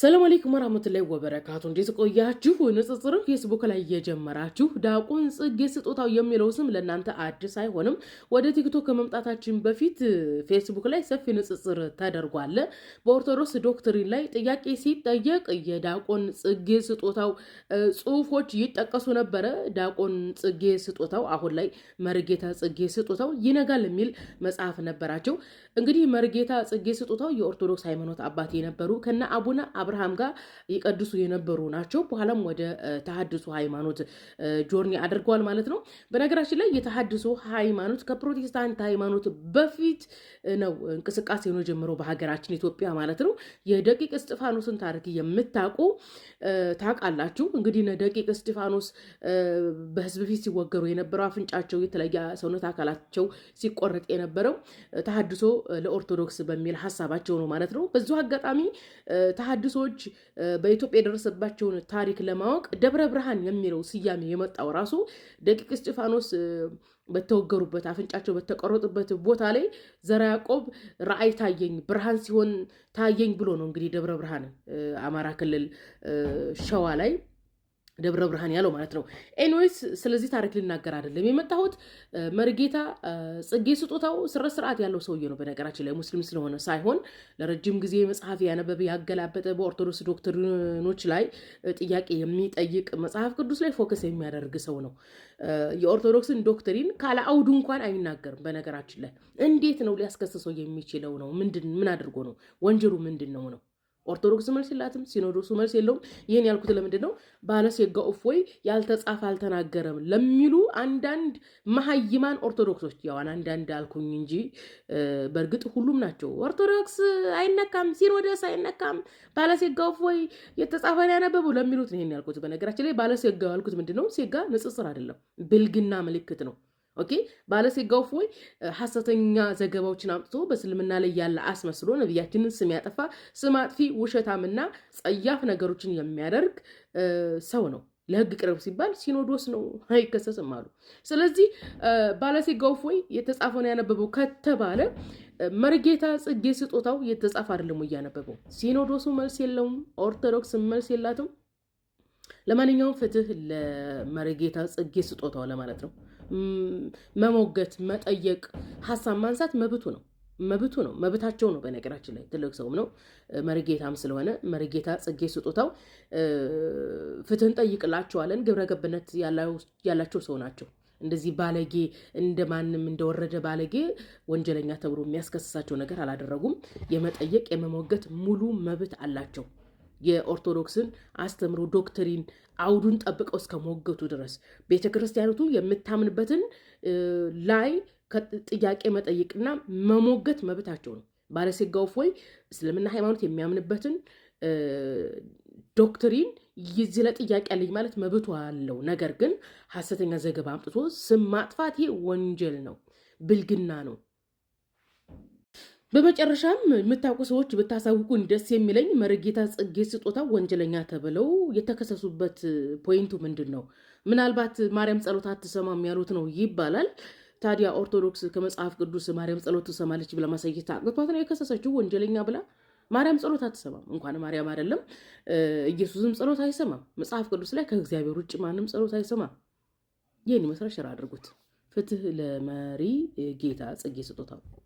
ሰላም አለይኩም ወራህመቱላሂ ወበረካቱ። እንዴት ቆያችሁ? ንጽጽር ፌስቡክ ላይ እየጀመራችሁ ዳቁን ጽጌ ስጦታው የሚለው ስም ለእናንተ አዲስ አይሆንም። ወደ ቲክቶክ ከመምጣታችን በፊት ፌስቡክ ላይ ሰፊ ንጽጽር ተደርጓል። በኦርቶዶክስ ዶክትሪን ላይ ጥያቄ ሲጠየቅ የዳቁን ጽጌ ስጦታው ጽሁፎች ይጠቀሱ ነበረ። ዳቁን ጽጌ ስጦታው አሁን ላይ መርጌታ ጽጌ ስጦታው ይነጋል የሚል መጽሐፍ ነበራቸው። እንግዲህ መርጌታ ጽጌ ስጦታው የኦርቶዶክስ ሃይማኖት አባት የነበሩ ከነ አቡነ አብርሃም ጋር ይቀድሱ የነበሩ ናቸው። በኋላም ወደ ተሐድሶ ሃይማኖት ጆርኒ አድርገዋል ማለት ነው። በነገራችን ላይ የተሐድሶ ሃይማኖት ከፕሮቴስታንት ሃይማኖት በፊት ነው እንቅስቃሴ ነው ጀምረው በሀገራችን ኢትዮጵያ ማለት ነው። የደቂቅ እስጢፋኖስን ታሪክ የምታውቁ ታውቃላችሁ። እንግዲህ ደቂቅ እስጢፋኖስ በህዝብ ፊት ሲወገሩ የነበረው አፍንጫቸው፣ የተለየ ሰውነት አካላቸው ሲቆረጥ የነበረው ተሐድሶ ለኦርቶዶክስ በሚል ሀሳባቸው ነው ማለት ነው። በዚሁ አጋጣሚ ተሐድሶ ሰዎች በኢትዮጵያ የደረሰባቸውን ታሪክ ለማወቅ ደብረ ብርሃን የሚለው ስያሜ የመጣው ራሱ ደቂቅ እስጢፋኖስ በተወገሩበት አፍንጫቸው በተቆረጡበት ቦታ ላይ ዘራ ያዕቆብ ራእይ ታየኝ ብርሃን ሲሆን ታየኝ ብሎ ነው እንግዲህ ደብረ ብርሃን አማራ ክልል ሸዋ ላይ ደብረ ብርሃን ያለው ማለት ነው። ኤንዌይስ ስለዚህ ታሪክ ልናገር አይደለም የመጣሁት። መርጌታ ጽጌ ስጦታው ስረ ስርዓት ያለው ሰውዬ ነው። በነገራችን ላይ ሙስሊም ስለሆነ ሳይሆን ለረጅም ጊዜ መጽሐፍ ያነበበ ያገላበጠ፣ በኦርቶዶክስ ዶክትሪኖች ላይ ጥያቄ የሚጠይቅ መጽሐፍ ቅዱስ ላይ ፎከስ የሚያደርግ ሰው ነው። የኦርቶዶክስን ዶክትሪን ካለ አውዱ እንኳን አይናገርም። በነገራችን ላይ እንዴት ነው ሊያስከስሰው የሚችለው ነው? ምንድን ምን አድርጎ ነው? ወንጀሉ ምንድን ነው ነው ኦርቶዶክስ መልስ የላትም። ሲኖዶሱ መልስ የለውም። ይህን ያልኩት ለምንድን ነው? ባለሴጋ ወይ ያልተጻፈ አልተናገረም ለሚሉ አንዳንድ መሀይማን ኦርቶዶክሶች፣ ያዋን አንዳንድ አልኩኝ እንጂ በእርግጥ ሁሉም ናቸው። ኦርቶዶክስ አይነካም፣ ሲኖደስ አይነካም፣ ባለሴጋ ወይ የተጻፈን ያነበቡ ለሚሉት ይህን ያልኩት። በነገራችን ላይ ባለሴጋ ያልኩት ምንድን ነው? ሴጋ ንጽጽር አይደለም፣ ብልግና ምልክት ነው። ኦኬ ባለሴጋው ፎይ ሐሰተኛ ዘገባዎችን አምጥቶ በእስልምና ላይ ያለ አስመስሎ ነቢያችንን ስም ያጠፋ ስም አጥፊ ውሸታምና ጸያፍ ነገሮችን የሚያደርግ ሰው ነው። ለህግ ቅርብ ሲባል ሲኖዶስ ነው አይከሰስም አሉ። ስለዚህ ባለሴጋው ፎይ የተጻፈውን ያነበበው ከተባለ መርጌታ ጽጌ ስጦታው የተጻፈ አይደለም እያነበበው ሲኖዶሱ መልስ የለውም፣ ኦርቶዶክስ መልስ የላትም። ለማንኛውም ፍትህ ለመርጌታ ጽጌ ስጦታው ለማለት ነው። መሞገት፣ መጠየቅ፣ ሀሳብ ማንሳት መብቱ ነው መብቱ ነው። መብታቸው ነው። በነገራችን ላይ ትልቅ ሰውም ነው መሪጌታም ስለሆነ መሪጌታ ጽጌ ስጦታው ፍትህን ጠይቅላቸዋለን። ግብረ ገብነት ያላቸው ሰው ናቸው። እንደዚህ ባለጌ እንደ ማንም እንደወረደ ባለጌ ወንጀለኛ ተብሎ የሚያስከስሳቸው ነገር አላደረጉም። የመጠየቅ የመሞገት ሙሉ መብት አላቸው። የኦርቶዶክስን አስተምሮ ዶክትሪን አውዱን ጠብቀው እስከ ሞገቱ ድረስ ቤተ ክርስቲያኒቱ የምታምንበትን ላይ ጥያቄ መጠየቅና መሞገት መብታቸው ነው። ባለሴጋውፍ ወይ እስልምና ሃይማኖት የሚያምንበትን ዶክትሪን ይዝለ ጥያቄ ያለኝ ማለት መብቱ አለው። ነገር ግን ሀሰተኛ ዘገባ አምጥቶ ስም ማጥፋት ይሄ ወንጀል ነው፣ ብልግና ነው። በመጨረሻም የምታውቁ ሰዎች ብታሳውቁን ደስ የሚለኝ መርጌታ ጽጌ ስጦታ ወንጀለኛ ተብለው የተከሰሱበት ፖይንቱ ምንድን ነው? ምናልባት ማርያም ጸሎት አትሰማም ያሉት ነው ይባላል። ታዲያ ኦርቶዶክስ ከመጽሐፍ ቅዱስ ማርያም ጸሎት ትሰማለች ብላ ማሳየት አቅቷት ነው የከሰሰችው ወንጀለኛ ብላ ማርያም ጸሎት አትሰማም። እንኳን ማርያም አይደለም ኢየሱስም ጸሎት አይሰማም። መጽሐፍ ቅዱስ ላይ ከእግዚአብሔር ውጭ ማንም ጸሎት አይሰማም። ይህን መሰረት ሽራ አድርጉት። ፍትህ ለመሪ ጌታ ጽጌ ስጦታው